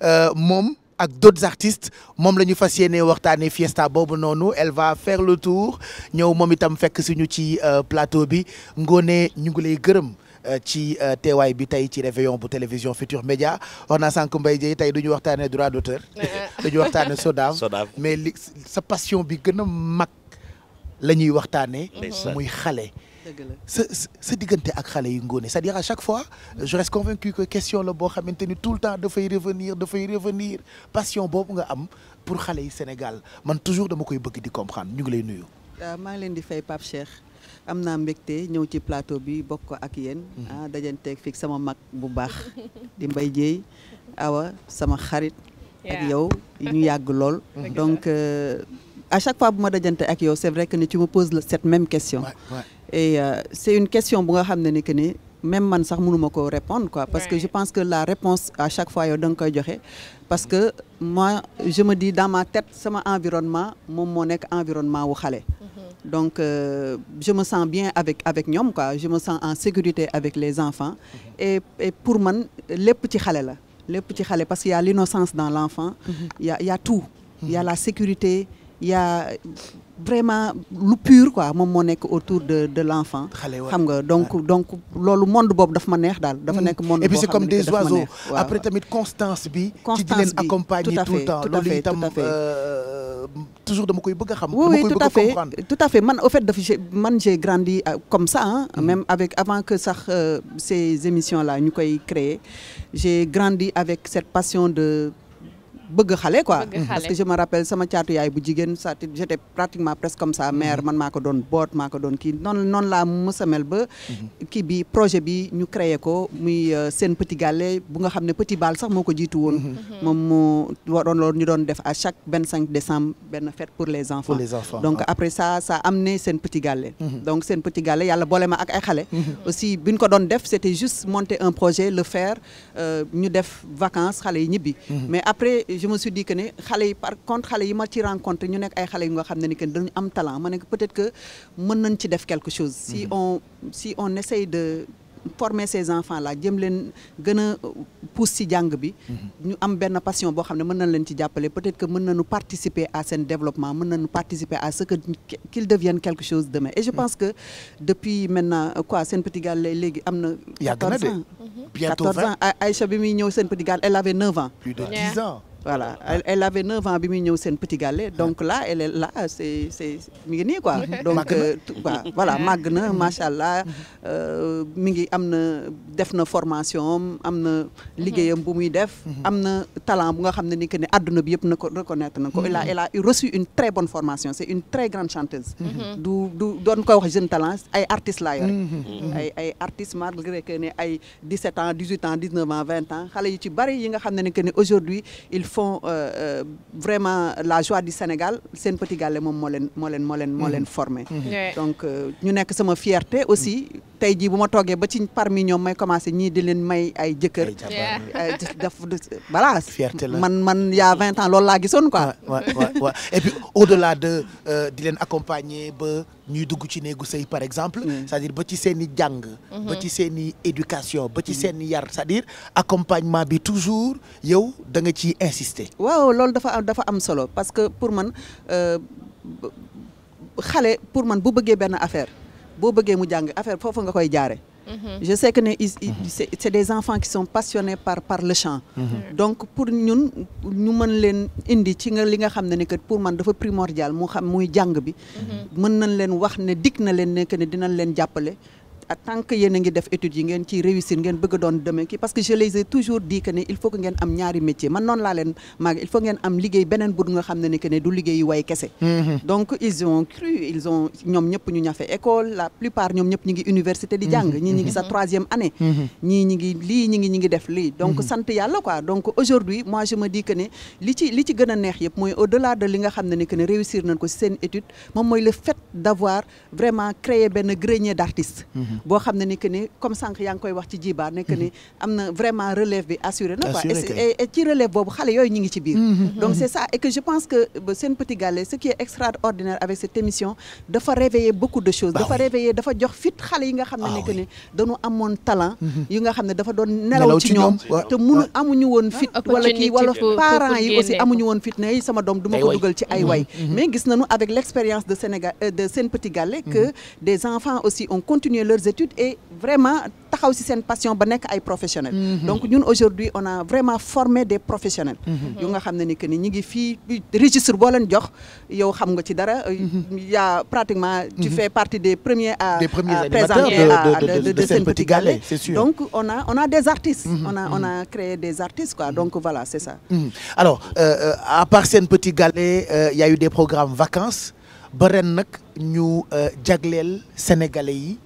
Euh, moom ak d'autres artistes moom la ñu fas yéene waxtaanee fiesta boobu noonu elle va faire le tour ñëw moom itam fekk suñu ci euh, plateau bi Ngoné ñu ngi lay gërëm euh, ci teewaay bi tey ci réveillon bu télévision Futur Média wax naa sànq Mbaye Dieye tey du ñu waxtaanee droit d'auteur dañu waxtaanee Sodav mais li sa passion bi gën a mag la ñuy waxtaanee muy xale sa sa diggante ak xale yu ngoone c'est-à-dire à chaque fois je reste convaincu que question la boo xamante ni tout le temps dafay revenir dafay revenir passion boobu nga am pour xale yi Sénégal man toujours dama koy bëgg di comprendre ñu ngi lay nuyu. Euh, maa ngi leen di fay Pape Cheikh am naa mbégte ñëw ci plateau bi bokk ko ak yéen. Mhm. ah dajanteeg fii sama mag bu baax di mbay Dieye awa sama xarit. ak yow ñu yàgg lool. donc euh, à chaque fois bu ma dajante ak yow c'est vrai que ni tu me poses cette même question. et euh, c' une question bu nga xam ne ni que ni même man sax mënuma ko répondre quoi parce que je pense que la réponse à chaque fois yow da koy joxe parce que moi je me dis dans ma tête sama environnement moom moo nekk environnement wu xale mhm. donc euh, je me sens bien avec avec ñoom quoi je me sens en sécurité avec les enfants mhm. et, pour man lépp ci xale la lépp ci xale parce que y a l'innocence dans l'enfant mhm. il y tout il la sécurité y' a vraiment lu pur quoi moom moo nekk autour de de l' enfant. xam nga donc donc loolu monde boobu daf ma neex daal. dafa mm. nekk monde boo comme des oiseaux après tamit constance bi. constance bi tout à fait tout à euh, toujours dama koy bëgg a xam. dama tout à fait man au fait dafa man j'ai grandi euh, comme ça mm. même avec avant que sax euh, ces émissions la ñu koy créer j'ai grandi avec cette passion de. bëgg xale quoi parce que je me rappelle sama caatu yaay bu jigéen ça j'étais pratiquement presque comme ça mère mm-hmm. man maa ko doon boot maa ko doon kii noonu noonu laa mësamel ba mm-hmm. bi projet bi ñu créer ko muy euh, seen petit gàlle bu nga xam ne petit bal sax moo ko jiitu woon mm-hmm. moom mu waroon loolu ñu doon def à chaque vingt cinq décembre benn fête pour les enfants donc après ça ça amené seen petit gàlle donc seen petit gàlle yàlla boole ma ak ay xale aussi bi ko doon def c'était juste monter un projet le faire euh, ñu def vacances xale yi ñibbi mais je me suis dit que ne xale yi par contre xale yi ma ci rencontré ñu nekk ay xale yu nga xam ne ni que dañu am talent ma ne peut-être que mën nañ ci def quelque chose. si mhm. on on essaye de. former ces enfants là jëm leen gën a pousse ci jàng bi mhm. ñu am benn passion boo xam ne mën nañ leen ci jàppale peut-être que mën nañu participer à seen développement mën nañu participer à ce que qu'ils deviennent quelque chose demain et je mhm. pense que depuis maintenant quoi Sen Petit Gallé léegi am na quatorze ans bientôt vingt bi muy ñëw seen Petit Gallé elle avait neuf ans voilà elle, elle avait bi muy ñëw seen petit donc là elle est là c'est c'est mi ngi nii màgg na euh, macha allah euh, mi ngi am na def na formation am am na mhm. liggéeyam bu muy def mhm. am na talent bu nga xam ne ni que ne àdduna bi yëpp na ko reconnaître na ko mhm. elle a elle a reçu une très bonne formation c'est une très grande chanteuse du du doon koy wax jeune talent ay artistes laa yore ay ay artistes malgré que ne ay 17 ans 18 ans 19 ans 20 ans xale yu ci bari yi nga xam ne ni que ne aujourd'hui font euh, euh, vraiment la joie du Sénégal seen petit gàlle moom moo leen moo leen moo leen moo mm-hmm. leen mm-hmm. donc euh, ñu nekk sama fierté aussi tey jii bu ma toogee ba ci parmi ñoom may commencé ñii di leen may ay jëkkër. ay daf voilà. fierté la man man y' vingt ans loolu laa gisoon quoi. waaw et puis au delà de euh, di leen accompagner ba ñuy dugg ci néegu sëy par exemple. Mm. c'est-à-dire ba ci seen i jàng. ba mm-hmm. ci seen i éducation ba ci mm. seen yar sa à dire accompagnement bi toujours yow da nga ciy insister. waaw loolu dafa dafa am solo parce que pour man euh, xale pour man bu bëggee benn affaire. boo bëggee mu jàng affaire foofu nga koy jaare mhm. je sais que ne mhm. c'est des enfants qui sont passionnés par par le chant mhm. donc pour ñun ñu mën leen indi ci nga li nga xam ne ne que pour man dafa primordial mu xam muy jàng bi mën nañ leen wax ne dikk na leen ne que ne dinañ leen jàppale ak tant que yéen ngi def études yi ngeen ci réussir ngeen bëgg a doon demee kii parce que je les ai toujours dit il faut que ngeen am ñaari métier man noonu laa leen il faut ngeen am liggéey beneen bu nga xam ne ne que du liggéey way kese mm-hmm. donc ils ont cru ils ont ñoom ñëpp ñu ñafe école la plupart ñoom ñëpp ñi ngi université di jàng mm-hmm. ñii ñi ngi sa mm-hmm. troisième année ñii ñi ngi lii ñi ngi ñi ngi def lii donc sant yàlla quoi donc aujourd'hui moi je me dis ci li ci gën a neex yëpp mooy au nga xam ne ne que ne réussir si seen étude moom mooy le fait d'avoir vraiment créé benn grenier boo xam ne ni que ni comme sànq yaa ngi koy wax ci jibaar ne que mm-hmm. am na vraiment relève bi assuré na quoi ci relève boobu xale yooyu ñi ngi ci biir mm-hmm. donc c'est mm-hmm. ça et que je pense que Sen Petit Gallé ce qui est extraordinaire avec cette émission dafa réveiller beaucoup de choses dafa réveiller dafa jox fit xale yi nga xam ne ni que ni amoon talent yi nga xam ne dafa doon nelaw ci ñoom te munu ah. amuñu woon fit ah, wala kii yi amuñu woon fit ne sama doom duma ko de Sénégal euh, de Sen Petit des études et vraiment taxaw si seen passion ba nekk ay professionnels. Mhm. donc ñun aujourd'hui on a vraiment formé des professionnels. Mhm. yu nga xam ne ni que ni ñi ngi fii registre boo leen jox yow xam nga ci dara. Mhm. yaa pratiquement. tu fais partie des premiers à. des premiers animateurs de de de Petit Gallé donc on a on a des artistes. on a on a créé des artistes quoi donc voilà c'est ça. alors euh, euh, à part Sen Petit Gallé euh, y eu des programmes vacances ba ren nag ñu jagleel sénégalais yi.